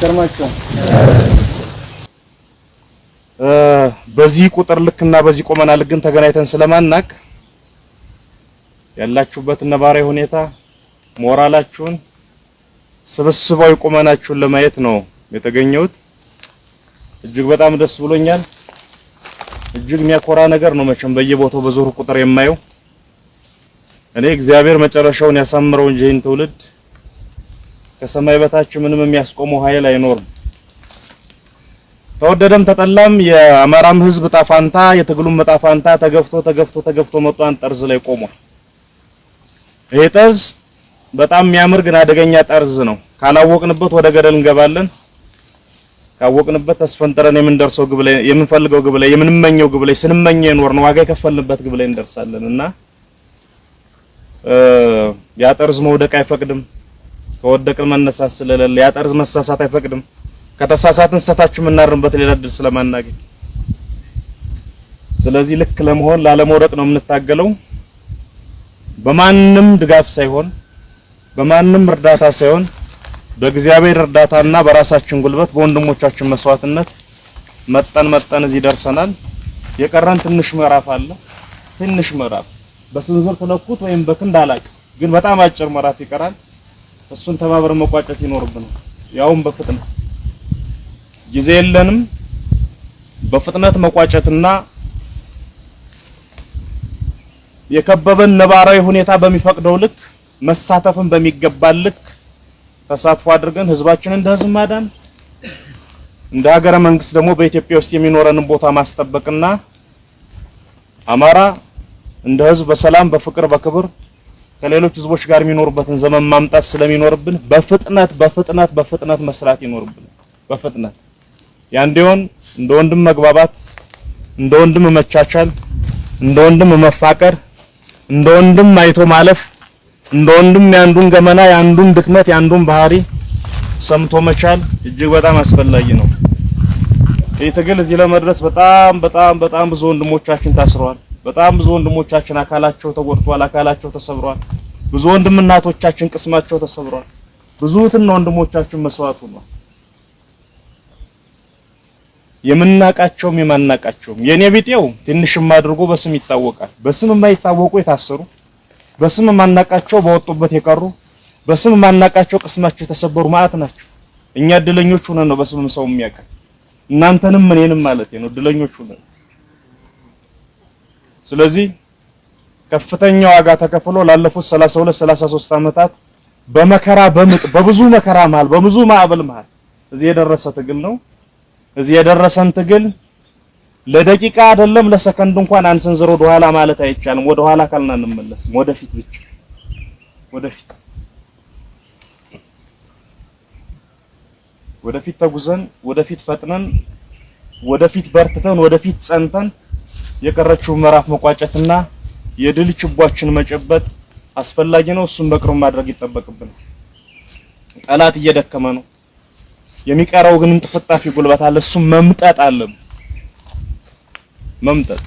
ይገርማችኋል። በዚህ ቁጥር ልክና በዚህ ቆመናል፣ ግን ተገናኝተን ስለማናቅ ያላችሁበት ነባራዊ ሁኔታ ሞራላችሁን፣ ስብስባዊ ቁመናችሁን ለማየት ነው የተገኘሁት። እጅግ በጣም ደስ ብሎኛል። እጅግ የሚያኮራ ነገር ነው። መቼም በየቦታው በዞሩ ቁጥር የማየው እኔ እግዚአብሔር መጨረሻውን ያሳምረው እንጂ ይህን ትውልድ ከሰማይ በታች ምንም የሚያስቆመው ኃይል አይኖርም። ተወደደም ተጠላም የአማራም ህዝብ ጣፋንታ የትግሉም ጣፋንታ ተገፍቶ ተገፍቶ ተገፍቶ መጧን ጠርዝ ላይ ቆሟል። ይሄ ጠርዝ በጣም የሚያምር ግን አደገኛ ጠርዝ ነው። ካላወቅንበት ወደ ገደል እንገባለን። ካወቅንበት ተስፈንጥረን የምንደርሰው ግብ ላይ የምንፈልገው ግብ ላይ የምንመኘው ግብ ላይ ስንመኘ ነው ዋጋ የከፈልንበት ግብ ላይ እንደርሳለን እና ያ ጠርዝ መውደቅ አይፈቅድም። ከወደቅን መነሳት ስለሌለ ያጠርዝ መሳሳት አይፈቅድም። ከተሳሳትን ስህተታችን የምናርምበት ሌላ እድል ስለማናገኝ ስለዚህ ልክ ለመሆን ላለመውደቅ ነው የምንታገለው። በማንም ድጋፍ ሳይሆን በማንም እርዳታ ሳይሆን በእግዚአብሔር እርዳታና በራሳችን ጉልበት በወንድሞቻችን መስዋዕትነት መጠን መጠን እዚህ ደርሰናል። የቀረን ትንሽ ምዕራፍ አለ። ትንሽ ምዕራፍ በስንዝር ተለኩት ወይም በክንድ አላቅ ግን በጣም አጭር ምዕራፍ ይቀራል። እሱን ተባብረን መቋጨት ይኖርብናል። ያውም በፍጥነት ጊዜ የለንም። በፍጥነት መቋጨትና የከበበን ነባራዊ ሁኔታ በሚፈቅደው ልክ መሳተፍን በሚገባ ልክ ተሳትፎ አድርገን ህዝባችን እንደ ህዝብ ማዳን እንደ ሀገረ መንግስት ደግሞ በኢትዮጵያ ውስጥ የሚኖረንን ቦታ ማስጠበቅና አማራ እንደ ህዝብ በሰላም በፍቅር በክብር ከሌሎች ህዝቦች ጋር የሚኖሩበትን ዘመን ማምጣት ስለሚኖርብን በፍጥነት በፍጥነት በፍጥነት መስራት ይኖርብን። በፍጥነት ያንዴውን እንደ ወንድም መግባባት፣ እንደ ወንድም መቻቻል፣ እንደ ወንድም መፋቀር፣ እንደ ወንድም አይቶ ማለፍ፣ እንደ ወንድም ያንዱን ገመና ያንዱን ድክመት ያንዱን ባህሪ ሰምቶ መቻል እጅግ በጣም አስፈላጊ ነው። ይህ ትግል እዚህ ለመድረስ በጣም በጣም በጣም ብዙ ወንድሞቻችን ታስረዋል። በጣም ብዙ ወንድሞቻችን አካላቸው ተጎድቷል፣ አካላቸው ተሰብሯል። ብዙ ወንድም እናቶቻችን ቅስማቸው ተሰብሯል። ብዙ እህትና ወንድሞቻችን መስዋዕት ሆኗል። የምናቃቸውም የማናቃቸውም የኔ ቢጤው ትንሽም አድርጎ በስም ይታወቃል። በስም የማይታወቁ የታሰሩ በስም የማናቃቸው በወጡበት የቀሩ በስም የማናቃቸው ቅስማቸው የተሰበሩ ማለት ናቸው። እኛ እድለኞች ሆነን ነው በስምም ሰው የሚያውቀን እናንተንም እኔንም ማለት ነው እድለኞች ሆነን ስለዚህ ከፍተኛ ዋጋ ተከፍሎ ላለፉት 32 33 ዓመታት በመከራ በምጥ በብዙ መከራ መሃል በብዙ ማዕበል መሃል እዚህ የደረሰ ትግል ነው። እዚህ የደረሰን ትግል ለደቂቃ አይደለም ለሰከንድ እንኳን አንሰንዝሮ ወደኋላ ማለት አይቻልም። ወደኋላ ካልና እንመለስም፣ ወደፊት ብቻ ወደፊት ወደፊት ተጉዘን ወደፊት ፈጥነን ወደፊት በርትተን ወደፊት ጸንተን የቀረችው ምዕራፍ መቋጨትና የድል ችቦችን መጨበጥ አስፈላጊ ነው። እሱም በቅርብ ማድረግ ይጠበቅብናል። ጠላት እየደከመ ነው። የሚቀረው ግን እንጥፍጣፊ ጉልበት አለ። እሱም መምጠጥ አለ መምጠጥ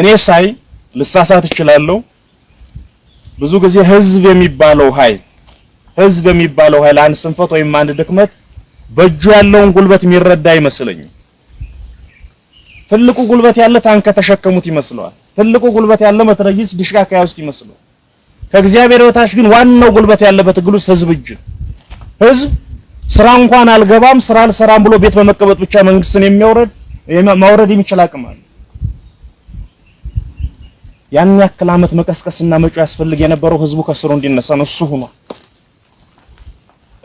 እኔ ሳይ ልሳሳት እችላለሁ። ብዙ ጊዜ ህዝብ የሚባለው ኃይል ህዝብ የሚባለው ኃይል አንድ ስንፈት ወይም አንድ ድክመት በእጁ ያለውን ጉልበት የሚረዳ አይመስለኝም። ትልቁ ጉልበት ያለ ታንከ ተሸከሙት ይመስለዋል። ትልቁ ጉልበት ያለ መትረየስ ዲሽቃካያ ውስጥ ይመስለዋል። ከእግዚአብሔር በታች ግን ዋናው ጉልበት ያለበት ትግል ውስጥ ህዝብ እጅ ህዝብ ስራ እንኳን አልገባም ስራ አልሰራም ብሎ ቤት በመቀመጥ ብቻ መንግስትን የሚያወርድ ማውረድ የሚችል አቅም አለ። ያን ያክል ዓመት መቀስቀስና መጮ ያስፈልግ የነበረው ህዝቡ ከስሩ እንዲነሳ ነው። እሱ ሆኗል።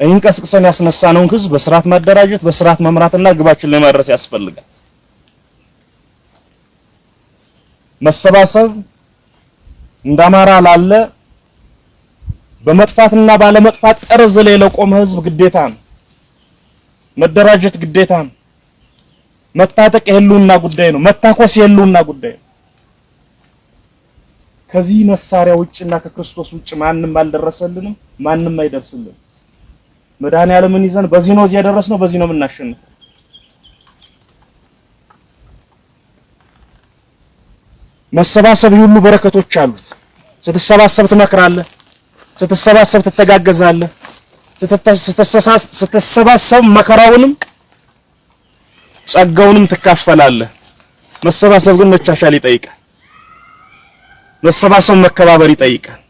ይህን ቀስቅሰን ያስነሳነውን ህዝብ በስርዓት ማደራጀት፣ በስርዓት መምራትና ግባችን ለማድረስ ያስፈልጋል። መሰባሰብ እንደ አማራ ላለ በመጥፋትና ባለመጥፋት ጠርዝ ላይ ለቆመ ህዝብ ግዴታ ነው። መደራጀት ግዴታ ነው። መታጠቅ የህልውና ጉዳይ ነው። መታኮስ የህልውና ጉዳይ ነው። ከዚህ መሳሪያ ውጭና ከክርስቶስ ውጭ ማንም አልደረሰልንም፣ ማንም አይደርስልን። መድኃኔ ዓለምን ይዘን በዚህ ነው እዚህ ያደረስነው፣ በዚህ ነው የምናሸንፈው። መሰባሰብ ሁሉ በረከቶች አሉት። ስትሰባሰብ ትመክራለህ፣ ስትሰባሰብ ትተጋገዛለህ፣ ስትሰባሰብ መከራውንም ጸጋውንም ትካፈላለህ። መሰባሰብ ግን መቻሻል ይጠይቃል። መሰባሰብ መከባበር ይጠይቃል።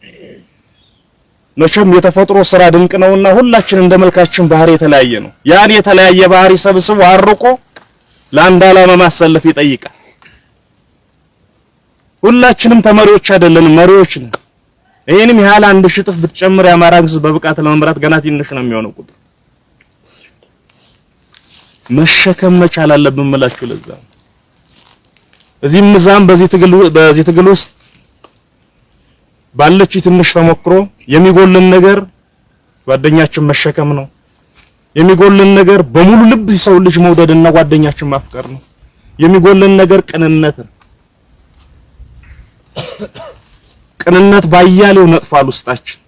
መቼም የተፈጥሮ ስራ ድንቅ ነውና ሁላችን እንደ መልካችን ባህሪ የተለያየ ነው። ያን የተለያየ ባህሪ ሰብስቦ አርቆ ለአንድ ዓላማ ማሰለፍ ይጠይቃል። ሁላችንም ተመሪዎች አይደለን መሪዎች ነን። ይሄንም ያህል አንድ ሽጥፍ ብትጨምር የአማራን ሕዝብ በብቃት ለመምራት ገና ትንሽ ነው የሚሆነው ቁጥር። መሸከም መቻል አለብን እምላችሁ። ለዛ እዚህም እዛም በዚህ ትግል በዚህ ትግል ውስጥ ባለች ትንሽ ተሞክሮ የሚጎልን ነገር ጓደኛችን መሸከም ነው። የሚጎልን ነገር በሙሉ ልብ ሰው ልጅ መውደድና ጓደኛችን ማፍቀር ነው። የሚጎልን ነገር ቅንነት ነው። ቅንነት ባያሌው ነጥፏል ውስጣችን።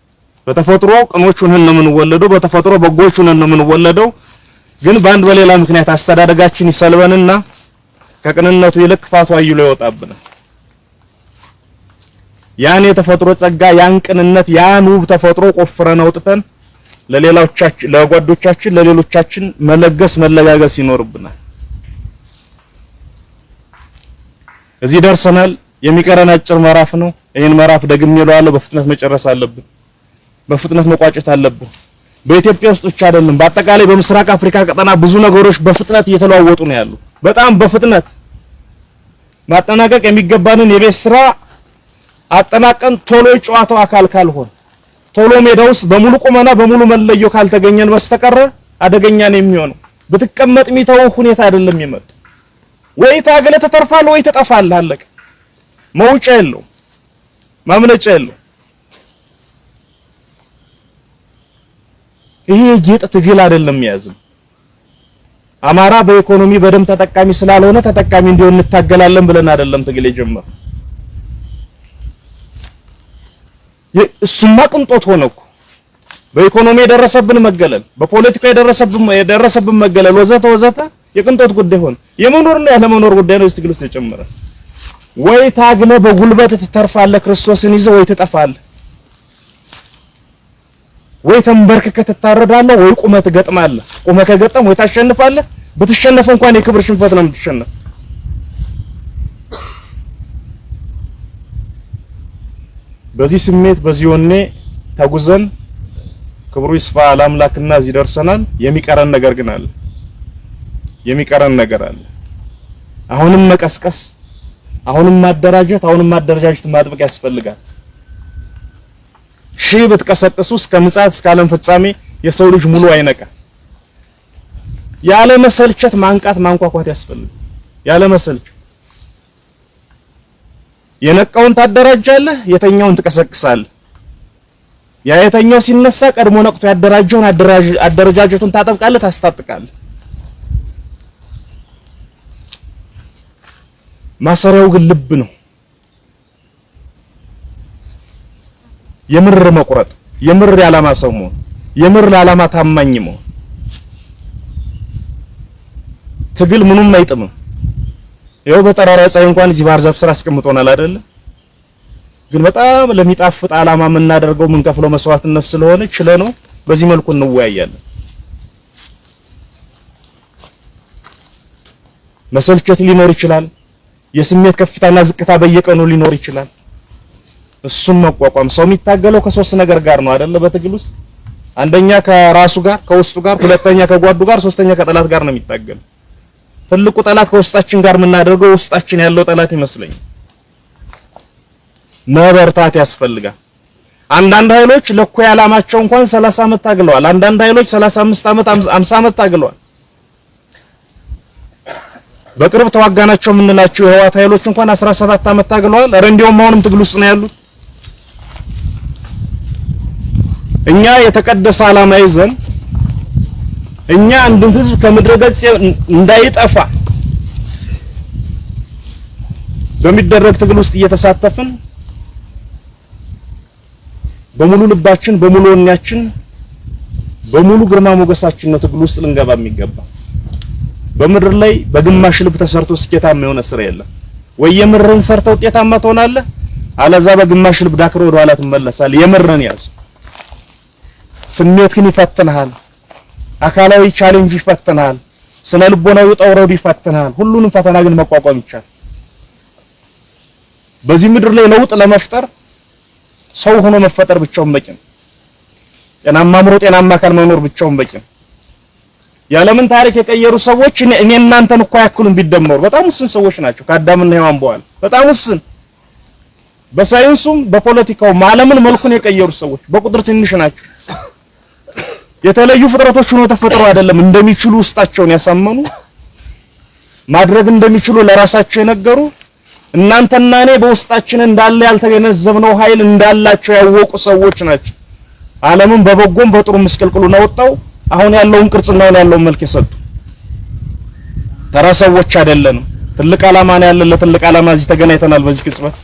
በተፈጥሮ ቅኖች ሆነን ነው የምንወለደው። በተፈጥሮ በጎች ሆነን ነው የምንወለደው። ግን በአንድ በሌላ ምክንያት አስተዳደጋችን ይሰልበንና ከቅንነቱ ይልቅ ክፋቱ አይሎ ይወጣብናል። ያን የተፈጥሮ ጸጋ፣ ያን ቅንነት፣ ያን ውብ ተፈጥሮ ቆፍረን አውጥተን ለሌላዎቻችን፣ ለጓዶቻችን ለሌሎቻችን መለገስ መለጋገስ ይኖርብናል። እዚህ ደርሰናል። የሚቀረን አጭር ምዕራፍ ነው። ይህን ምዕራፍ ደግሜ እለዋለሁ፣ በፍጥነት መጨረስ አለብን። በፍጥነት መቋጨት አለብን። በኢትዮጵያ ውስጥ ብቻ አይደለም፣ በአጠቃላይ በምስራቅ አፍሪካ ቀጠና ብዙ ነገሮች በፍጥነት እየተለዋወጡ ነው ያሉ። በጣም በፍጥነት ማጠናቀቅ የሚገባንን የቤት ስራ አጠናቀን ቶሎ የጨዋታው አካል ካልሆን ቶሎ ሜዳ ውስጥ በሙሉ ቁመና በሙሉ መለዮ ካልተገኘን በስተቀረ አደገኛ ነው የሚሆነው። ብትቀመጥ ሚተው ሁኔታ አይደለም ይመጣ ወይ ታገለ ተተርፋለህ ወይ ተጠፋለህ አለቀ። መውጫ የለው፣ ማምለጫ የለው። ይሄ የጌጥ ትግል አይደለም። የያዝም አማራ በኢኮኖሚ በደም ተጠቃሚ ስላልሆነ ተጠቃሚ እንዲሆን እንታገላለን ብለን አይደለም ትግል የጀመረ። እሱማ ቅንጦት ሆነ እኮ በኢኮኖሚ የደረሰብን መገለል፣ በፖለቲካ የደረሰብን የደረሰብን መገለል ወዘተ ወዘተ የቅንጦት ጉዳይ ሆነ። የመኖርና ያለመኖር ጉዳይ ነው ትግል ውስጥ የጨመረ ወይ ታግለ በጉልበት ትተርፋለህ ክርስቶስን ይዘህ ወይ ትጠፋለህ። ወይ ተንበርክ ትታረዳለህ ወይ ቁመህ ትገጥማለህ። ቁመህ ከገጠም ወይ ታሸንፋለህ። በትሸነፈ እንኳን የክብር ሽንፈት ነው የምትሸነፍ። በዚህ ስሜት በዚህ ወኔ ተጉዘን ክብሩ ይስፋ ለአምላክና እዚህ ደርሰናል። የሚቀረን ነገር ግን አለ። የሚቀረን ነገር አለ። አሁንም መቀስቀስ አሁንም ማደራጀት አሁንም ማደራጀት ማጥበቅ ያስፈልጋል። ሺህ ብትቀሰቅሱ እስከ ምጽአት እስከ ዓለም ፍጻሜ የሰው ልጅ ሙሉ አይነቃ። ያለ መሰልቸት ማንቃት ማንኳኳት ያስፈልጋል። ያለ መሰልቸት የነቃውን ታደራጃለህ፣ የተኛውን ትቀሰቅሳለህ። ያ የተኛው ሲነሳ ቀድሞ ነቅቶ ያደራጀውን አደረጃጀቱን ታጠብቃለህ፣ ታስታጥቃለህ። ማሰሪያው ግን ልብ ነው። የምር መቁረጥ፣ የምር የዓላማ ሰው መሆን፣ የምር ለዓላማ ታማኝ መሆን። ትግል ምኑም አይጥምም። ይኸው በጠራራ ፀሐይ እንኳን እዚህ ባህር ዛፍ ስራ አስቀምጦናል አይደለ? ግን በጣም ለሚጣፍጥ ዓላማ የምናደርገው የምንከፍለው መስዋዕትነት ስለሆነ ችለ ነው። በዚህ መልኩ እንወያያለን። መሰልቸት ሊኖር ይችላል። የስሜት ከፍታና ዝቅታ በየቀኑ ሊኖር ይችላል። እሱም መቋቋም ሰው የሚታገለው ከሶስት ነገር ጋር ነው አይደለ? በትግል ውስጥ አንደኛ ከራሱ ጋር ከውስጡ ጋር፣ ሁለተኛ ከጓዱ ጋር፣ ሶስተኛ ከጠላት ጋር ነው የሚታገለው። ትልቁ ጠላት ከውስጣችን ጋር የምናደርገው ውስጣችን ያለው ጠላት ይመስለኛል። መበርታት ያስፈልጋል። አንዳንድ ኃይሎች ለእኩይ ያላማቸው እንኳን 30 ዓመት ታግለዋል። አንዳንድ ኃይሎች 35 ዓመት 50 ዓመት ታግለዋል። በቅርብ ተዋጋናቸው የምንላቸው የህዋት ኃይሎች እንኳን 17 ዓመት ታግለዋል። ኧረ እንዲያውም አሁንም ትግል ውስጥ ነው ያሉት። እኛ የተቀደሰ ዓላማ ይዘን እኛ አንድን ህዝብ ከምድረ ገጽ እንዳይጠፋ በሚደረግ ትግል ውስጥ እየተሳተፍን በሙሉ ልባችን፣ በሙሉ ወኔያችን፣ በሙሉ ግርማ ሞገሳችን ነው ትግል ውስጥ ልንገባ የሚገባ። በምድር ላይ በግማሽ ልብ ተሰርቶ ስኬታማ የሆነ ስራ የለም። ወይ የምርን ሰርተው ውጤታማ ትሆናለህ፣ አለዛ በግማሽ ልብ ዳክሮ ወደ ኋላ ትመለሳለህ። የምርን ያዝ። ስሜትህን ይፈትንሃል። አካላዊ ቻሌንጅ ይፈትንሃል። ስነ ልቦናዊ ውጣ ይፈትንሃል። ሁሉንም ፈተና ግን መቋቋም ይቻላል። በዚህ ምድር ላይ ለውጥ ለመፍጠር ሰው ሆኖ መፈጠር ብቻውን በቂ ነው። ጤናማ አእምሮ፣ ጤናማ አካል መኖር ብቻውን በቂ ነው። የዓለምን ታሪክ የቀየሩ ሰዎች እኔ እናንተን እኮ አያክሉም ቢደመሩ በጣም ውስን ሰዎች ናቸው። ከአዳምና ሔዋን በኋላ በጣም ውስን፣ በሳይንሱም በፖለቲካውም ዓለምን መልኩን የቀየሩ ሰዎች በቁጥር ትንሽ ናቸው። የተለዩ ፍጥረቶች ሆኖ ተፈጥሮ አይደለም። እንደሚችሉ ውስጣቸውን ያሳመኑ ማድረግ እንደሚችሉ ለራሳቸው የነገሩ እናንተና እኔ በውስጣችን እንዳለ ያልተገነዘብነው ኃይል እንዳላቸው ያወቁ ሰዎች ናቸው። ዓለምን በበጎም በጥሩ ምስቅልቅሉ ነው ወጣው አሁን ያለውን ቅርጽና አሁን ያለውን መልክ የሰጡ ተራ ሰዎች አይደለንም። ትልቅ ዓላማ ነው ያለን። ለትልቅ ዓላማ እዚህ ተገናኝተናል። በዚህ ቅጽበት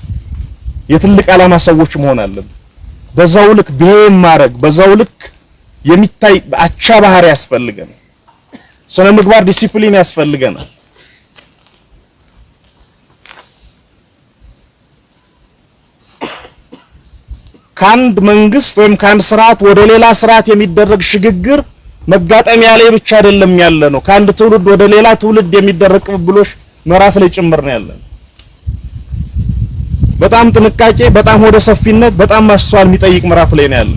የትልቅ ዓላማ ሰዎች መሆን አለን። በዛው ልክ ብሄም ማድረግ በዛው ልክ የሚታይ አቻ ባህሪ ያስፈልገናል። ስነ ምግባር ዲሲፕሊን ያስፈልገናል። ከአንድ መንግስት ወይም ከአንድ ስርዓት ወደ ሌላ ስርዓት የሚደረግ ሽግግር መጋጠሚያ ላይ ብቻ አይደለም ያለ ነው። ከአንድ ትውልድ ወደ ሌላ ትውልድ የሚደረግ ቅብብሎሽ ምዕራፍ ላይ ጭምር ነው ያለ በጣም ጥንቃቄ፣ በጣም ወደ ሰፊነት፣ በጣም ማስተዋል የሚጠይቅ ምዕራፍ ላይ ነው ያለ።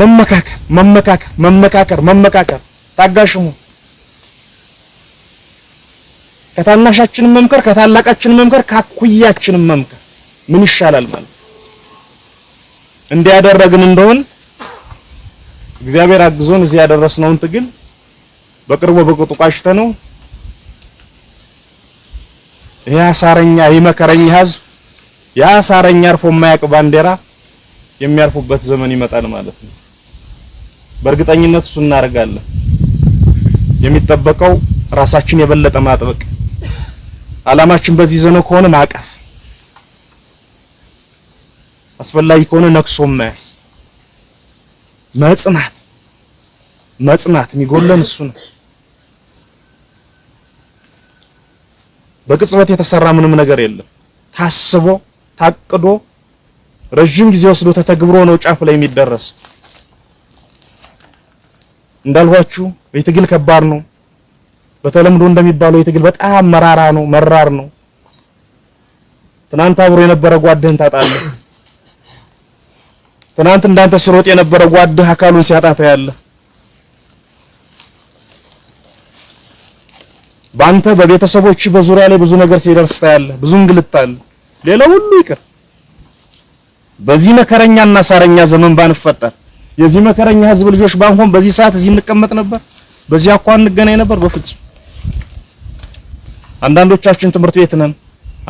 መመካከር መመካከር መመካከር መመካከር ታጋሽሙ ከታናሻችን መምከር፣ ከታላቃችን መምከር፣ ከአኩያችን መምከር ምን ይሻላል ማለት እንዲያደረግን እንደሆን እግዚአብሔር አግዞን እዚህ ያደረስነውን ትግል በቅርቡ በቅጡ ቋሽተ ነው። ይህ አሳረኛ ይህ መከረኛ ህዝብ የአሳረኛ አርፎ የማያውቅ ባንዲራ የሚያርፉበት ዘመን ይመጣል ማለት ነው። በእርግጠኝነት እሱ እናደርጋለን። የሚጠበቀው ራሳችን የበለጠ ማጥበቅ፣ አላማችን በዚህ ዘመን ከሆነ ማቀፍ፣ አስፈላጊ ከሆነ ነክሶ መያዝ መጽናት መጽናት የሚጎለን እሱ ነው። በቅጽበት የተሰራ ምንም ነገር የለም። ታስቦ ታቅዶ ረዥም ጊዜ ወስዶ ተተግብሮ ነው ጫፍ ላይ የሚደረስ። እንዳልኋችሁ የትግል ከባድ ነው። በተለምዶ እንደሚባለው የትግል በጣም መራራ ነው፣ መራር ነው። ትናንት አብሮ የነበረ ጓደህን ታጣለህ። ትናንት እንዳንተ ስሮጥ የነበረ ጓድህ አካሉን ሲያጣታ ያለ ባንተ በቤተሰቦች በዙሪያ ላይ ብዙ ነገር ሲደርስ ታያለ። ብዙ እንግልት አለ። ሌላው ሁሉ ይቅር። በዚህ መከረኛና ሳረኛ ዘመን ባንፈጠር የዚህ መከረኛ ህዝብ ልጆች ባንሆን በዚህ ሰዓት እዚህ እንቀመጥ ነበር? በዚህ አኳ እንገናኝ ነበር? በፍጹም አንዳንዶቻችን ትምህርት ቤት ነን።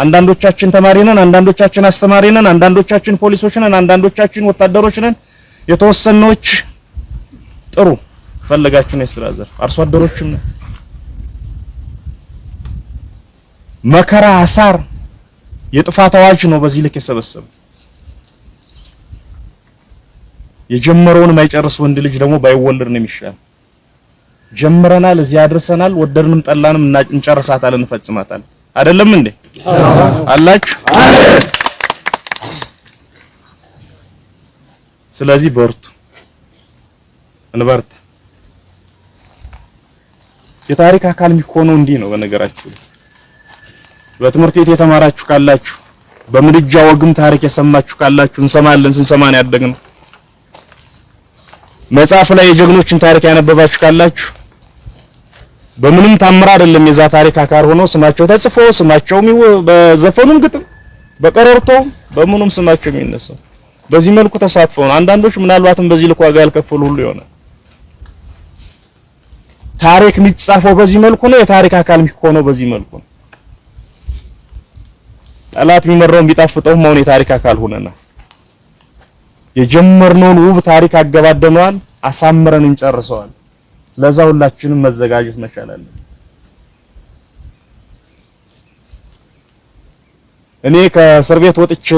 አንዳንዶቻችን ተማሪ ነን፣ አንዳንዶቻችን አስተማሪ ነን፣ አንዳንዶቻችን ፖሊሶች ነን፣ አንዳንዶቻችን ወታደሮች ነን። የተወሰነዎች ጥሩ ፈለጋችሁ ነው የስራ ዘርፍ አርሶ አደሮችም ነን። መከራ አሳር የጥፋት አዋጅ ነው። በዚህ ልክ የሰበሰበ የጀመረውን የማይጨርስ ወንድ ልጅ ደግሞ ባይወለድ ነው የሚሻል። ጀምረናል፣ እዚህ አድርሰናል፣ ወደድንም ጠላንም እንጨርሳታለን፣ እንፈጽማታለን። አይደለም እንዴ? አላችሁ። ስለዚህ በርቱ፣ እንበርታ። የታሪክ አካል የሚሆነው እንዲህ ነው። በነገራችሁ በትምህርት ቤት የተማራችሁ ካላችሁ፣ በምድጃ ወግም ታሪክ የሰማችሁ ካላችሁ እንሰማለን። ስንሰማን ያደግነው መጽሐፍ ላይ የጀግኖችን ታሪክ ያነበባችሁ ካላችሁ በምንም ታምር አይደለም የዛ ታሪክ አካል ሆኖ ስማቸው ተጽፎ ስማቸው በዘፈኑም ግጥም በቀረርቶ በምኑም ስማቸው የሚነሳው በዚህ መልኩ ተሳትፈው ነው። አንዳንዶች ምናልባትም በዚህ ልክ ዋጋ ያልከፈሉ ሁሉ ይሆናል። ታሪክ የሚጻፈው በዚህ መልኩ ነው። የታሪክ አካል የሚሆነው በዚህ መልኩ ነው። ጠላት የሚመራው የሚጣፍጠው የታሪክ አካል ሆነና የጀመርነውን ውብ ታሪክ አገባደነዋል፣ አሳምረን እንጨርሰዋል። ለዛ ሁላችንም መዘጋጀት መቻል እኔ ከእስር ቤት ወጥቼ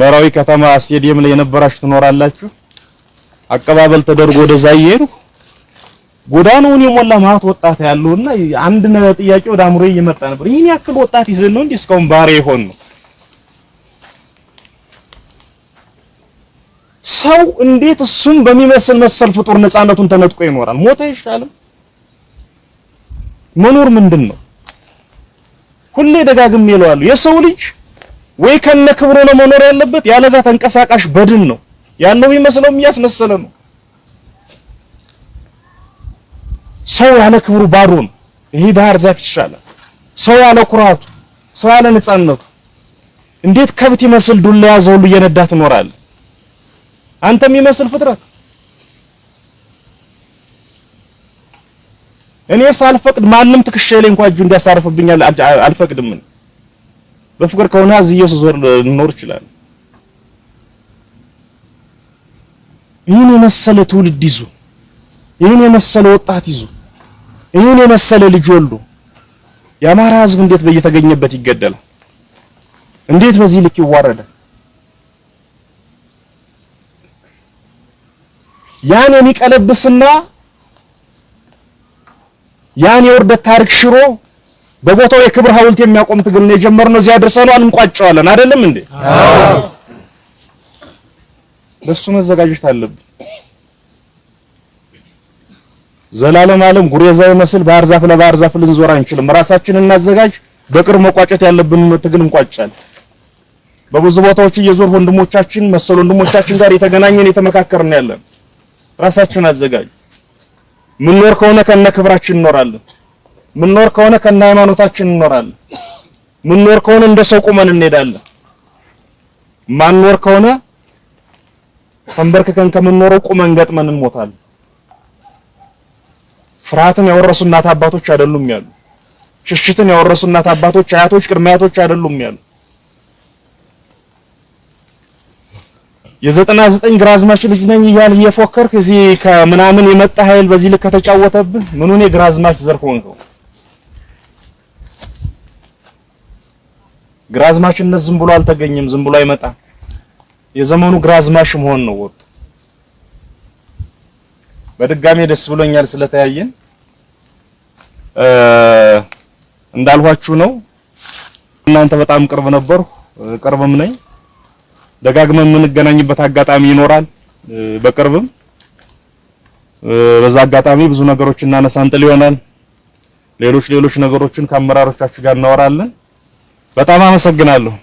መራዊ ከተማ ስቴዲየም ላይ የነበራችሁ ትኖራላችሁ። አቀባበል ተደርጎ ወደዛ እየሄድኩ ጎዳናውን የሞላ ማለት ወጣት ያለውና አንድ ጥያቄ ወደ አእምሮዬ እየመጣ ነበር። ይህን ያክል ወጣት ይዘን ነው እንዲህ እስካሁን ባሪያ የሆን ነው ሰው እንዴት እሱም በሚመስል መሰል ፍጡር ነፃነቱን ተነጥቆ ይኖራል? ሞተ ይሻላል። መኖር ምንድን ነው? ሁሌ ደጋግሜ እለዋለሁ። የሰው ልጅ ወይ ከነ ክብሩ ነው መኖር ያለበት፣ ያለዛ ተንቀሳቃሽ በድን ነው ያለው ይመስለው እያስመሰለ ነው። ሰው ያለ ክብሩ ባዶ ነው። ይሄ ባህር ዛፍ ይሻላል። ሰው ያለ ኩራቱ፣ ሰው ያለ ነፃነቱ እንዴት ከብት ይመስል ዱላ ያዘው ሁሉ እየነዳ ትኖራለህ? አንተ የሚመስል ፍጥረት እኔ ሳልፈቅድ ማንም ትከሻ ላይ እንኳን እጁ እንዲያሳርፍብኛል አልፈቅድም። በፍቅር ከሆነ አዝዬው ስዞር ልኖር ይችላል። ይህን የመሰለ ትውልድ ይዞ ይህን የመሰለ ወጣት ይዞ ይህን የመሰለ ልጅ ወልዶ የአማራ ሕዝብ እንዴት በየተገኘበት ይገደላል? እንዴት በዚህ ልክ ይዋረዳል? ያን የሚቀለብስና ያን የውርደት ታሪክ ሽሮ በቦታው የክብር ሐውልት የሚያቆም ትግል ነው የጀመርነው። እዚያ ደርሰናል፣ እንቋጨዋለን። አይደለም እንዴ? ለሱ መዘጋጀት አለብን። ዘላለም ዓለም ጉሬዛ ይመስል ባህር ዛፍ ለባህር ዛፍ ልንዞር አንችልም። ራሳችን እናዘጋጅ። በቅርብ መቋጨት ያለብን ትግል እንቋጫለን። በብዙ ቦታዎች እየዞር ወንድሞቻችን መሰል ወንድሞቻችን ጋር የተገናኘን የተመካከርን ያለን ራሳችሁን አዘጋጁ። ምንኖር ከሆነ ከነ ክብራችን እንኖራለን። ምንኖር ከሆነ ከነ ሃይማኖታችን እንኖራለን። ምንኖር ከሆነ እንደ ሰው ቁመን እንሄዳለን። ማንኖር ከሆነ ተንበርክከን ከምንኖረው ቁመን ገጥመን እንሞታለን። ፍርሃትን ያወረሱ እናት አባቶች አይደሉም ያሉ፣ ሽሽትን ያወረሱ እናት አባቶች አያቶች፣ ቅድመ አያቶች አይደሉም ያሉ የዘጠና ዘጠኝ ግራዝማች ልጅ ነኝ እያልህ እየፎከርክ እዚህ ከምናምን የመጣ ኃይል በዚህ ልክ ከተጫወተብህ ምኑን የግራዝማች ዘር ሆንከው? ግራዝማችነት ዝም ብሎ አልተገኘም፣ ዝም ብሎ አይመጣም። የዘመኑ ግራዝማሽ መሆን ነው ወጡ። በድጋሜ ደስ ብሎኛል ስለተያየን። እንዳልኋችሁ ነው እናንተ በጣም ቅርብ ነበርሁ፣ ቅርብም ነኝ። ደጋግመን የምንገናኝበት አጋጣሚ ይኖራል። በቅርብም በዛ አጋጣሚ ብዙ ነገሮችን እናነሳንጥል ይሆናል። ሌሎች ሌሎች ነገሮችን ከአመራሮቻችሁ ጋር እናወራለን። በጣም አመሰግናለሁ።